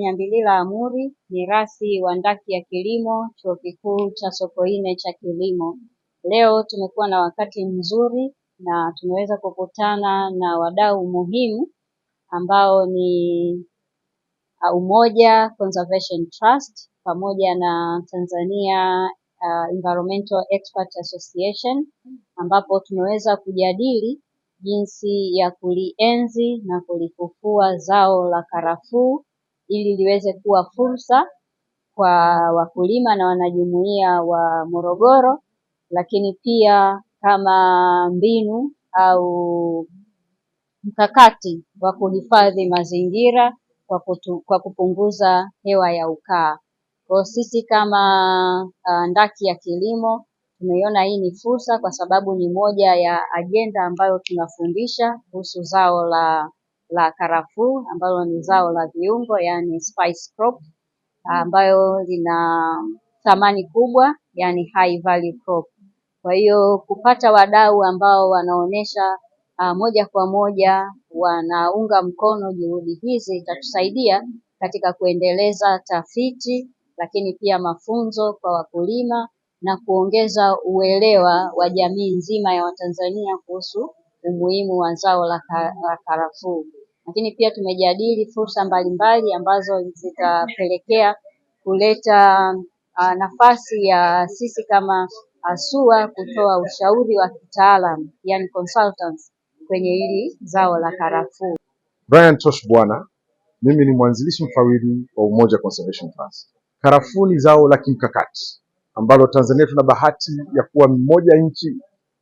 Nyambilila Amuri ni rasi wa ndaki ya kilimo chuo kikuu cha Sokoine cha kilimo. Leo tumekuwa na wakati mzuri na tumeweza kukutana na wadau muhimu ambao ni uh, Umoja Conservation Trust pamoja na Tanzania uh, Environmental Expert Association ambapo tumeweza kujadili jinsi ya kulienzi na kulifufua zao la karafuu ili liweze kuwa fursa kwa wakulima na wanajumuiya wa Morogoro, lakini pia kama mbinu au mkakati wa kuhifadhi mazingira kwa, kutu, kwa kupunguza hewa ya ukaa. Kwa sisi kama uh, ndaki ya kilimo tumeiona hii ni fursa, kwa sababu ni moja ya ajenda ambayo tunafundisha kuhusu zao la la karafuu ambalo ni zao la viungo yani spice crop, ambayo lina thamani kubwa yani high value crop. Kwa hiyo kupata wadau ambao wanaonesha uh, moja kwa moja wanaunga mkono juhudi hizi itatusaidia katika kuendeleza tafiti lakini pia mafunzo kwa wakulima na kuongeza uelewa wa jamii nzima ya Watanzania kuhusu umuhimu wa zao la karafuu. Lakini pia tumejadili fursa mbalimbali ambazo zitapelekea kuleta nafasi ya sisi kama SUA kutoa ushauri wa kitaalam yani consultants kwenye hili zao la karafuu. Brian Tosh Bwana, mimi ni mwanzilishi mfawidhi wa Umoja Conservation Trust. Karafuu ni zao la kimkakati ambalo Tanzania tuna bahati ya kuwa mmoja nchi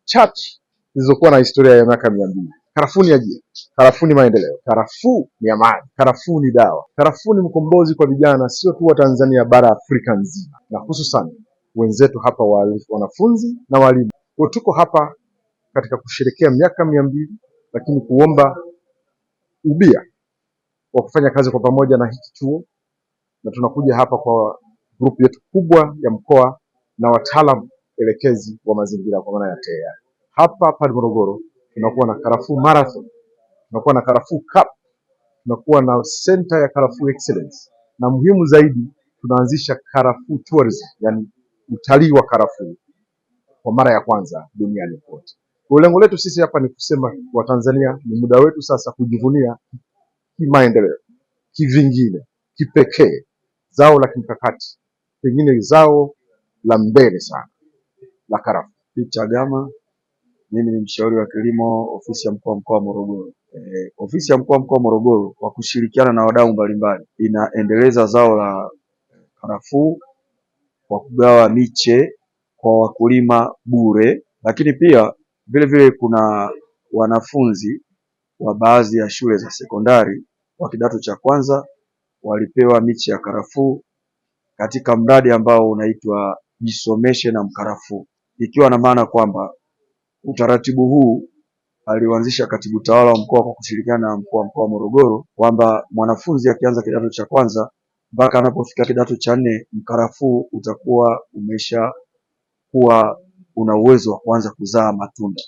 chache zilizokuwa na historia ya miaka mia mbili. Karafuu ni ajira, karafuu ni maendeleo, karafuu ni amani, karafuu ni dawa, karafuu ni mkombozi kwa vijana, sio tu wa Tanzania, bara Afrika nzima, na hususan wenzetu hapa wanafunzi na walimu. Kwa tuko hapa katika kusherekea miaka mia mbili, lakini kuomba ubia wa kufanya kazi kwa pamoja na hiki chuo, na tunakuja hapa kwa grupu yetu kubwa ya mkoa na wataalam elekezi wa mazingira kwa maana ya TEA. Hapa hapa Morogoro tunakuwa na Karafuu Marathon, tunakuwa na Karafuu Cup, tunakuwa na center ya Karafuu Excellence na muhimu zaidi tunaanzisha Karafuu Tourism, yani utalii wa karafuu kwa mara ya kwanza duniani kote. Kwa lengo letu sisi hapa ni kusema kwa Tanzania ni muda wetu sasa kujivunia kimaendeleo, kivingine, kipekee zao la kimkakati pengine zao la mbele sana la karafuu. Picha Gama, mimi ni mshauri wa kilimo ofisi ya mkuu wa mkoa wa Morogoro. E, ofisi ya mkuu wa mkoa wa Morogoro kwa kushirikiana na wadau mbalimbali inaendeleza zao la karafuu kwa kugawa miche kwa wakulima bure, lakini pia vilevile kuna wanafunzi wa baadhi ya shule za sekondari wa kidato cha kwanza walipewa miche ya karafuu katika mradi ambao unaitwa Jisomeshe na Mkarafuu, ikiwa na maana kwamba utaratibu huu alioanzisha katibu tawala wa mkoa kwa kushirikiana na mkuu wa mkoa wa Morogoro, kwamba mwanafunzi akianza kidato cha kwanza mpaka anapofika kidato cha nne, mkarafuu utakuwa umesha kuwa una uwezo wa kuanza kuzaa matunda.